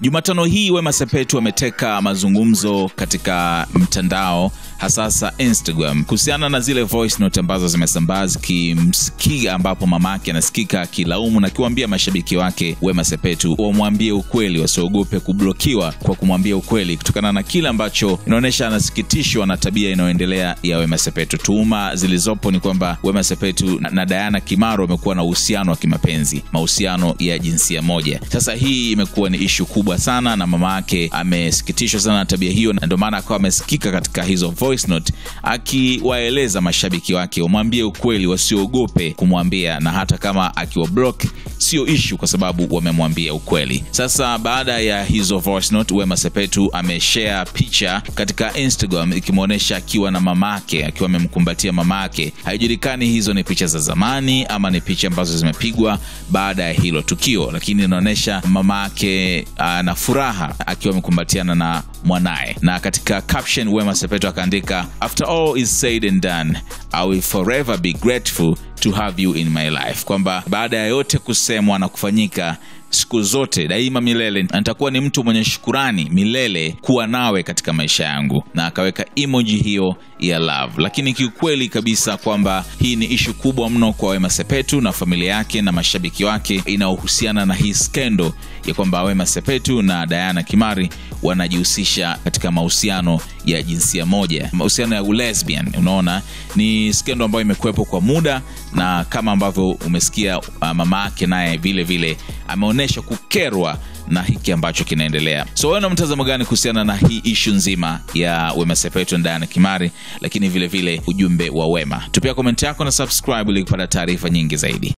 Jumatano hii Wema Sepetu wameteka mazungumzo katika mtandao hasasa Instagram kuhusiana na zile voice note ambazo zimesambaa zikimsikia, ambapo mamake anasikika akilaumu na akiwaambia mashabiki wake Wema Sepetu wamwambie ukweli, wasiogope kublokiwa kwa kumwambia ukweli, kutokana na kile ambacho inaonyesha anasikitishwa na tabia inayoendelea ya Wema Sepetu. Tuhuma zilizopo ni kwamba Wema Sepetu na, na Diana Kimaro wamekuwa na uhusiano wa kimapenzi, mahusiano ya jinsia moja. Sasa hii imekuwa ni ishu kubwa kubwa sana na mama yake amesikitishwa sana na tabia hiyo na ndio maana akawa amesikika katika hizo voice note akiwaeleza mashabiki wake wamwambie ukweli wasiogope kumwambia na hata kama akiwa block sio ishu kwa sababu wamemwambia ukweli sasa baada ya hizo voice note wema sepetu ameshare picha katika instagram ikimwonyesha akiwa na mamake akiwa amemkumbatia mamake haijulikani hizo ni picha za zamani ama ni picha ambazo zimepigwa baada ya hilo tukio lakini inaonyesha mamake uh, ah, na furaha akiwa amekumbatiana na mwanaye. Na katika caption Wema sepeto akaandika after all is said and done I will forever be grateful to have you in my life, kwamba baada ya yote kusemwa na kufanyika siku zote daima milele nitakuwa ni mtu mwenye shukurani milele kuwa nawe katika maisha yangu na akaweka emoji hiyo ya love lakini kiukweli kabisa kwamba hii ni ishu kubwa mno kwa wema sepetu na familia yake na mashabiki wake inayohusiana na hii skendo ya kwamba wema sepetu na dayana kimari wanajihusisha kujiingilisha katika mahusiano ya jinsia moja mahusiano ya ulesbian unaona ni skendo ambayo imekuwepo kwa muda na kama ambavyo umesikia uh, mama yake naye vile vile ameonyesha kukerwa na hiki ambacho kinaendelea so wewe na mtazamo gani kuhusiana na hii ishu nzima ya wema sepetu ndani kimari lakini vile vile ujumbe wa wema tupia komenti yako na subscribe ili kupata taarifa nyingi zaidi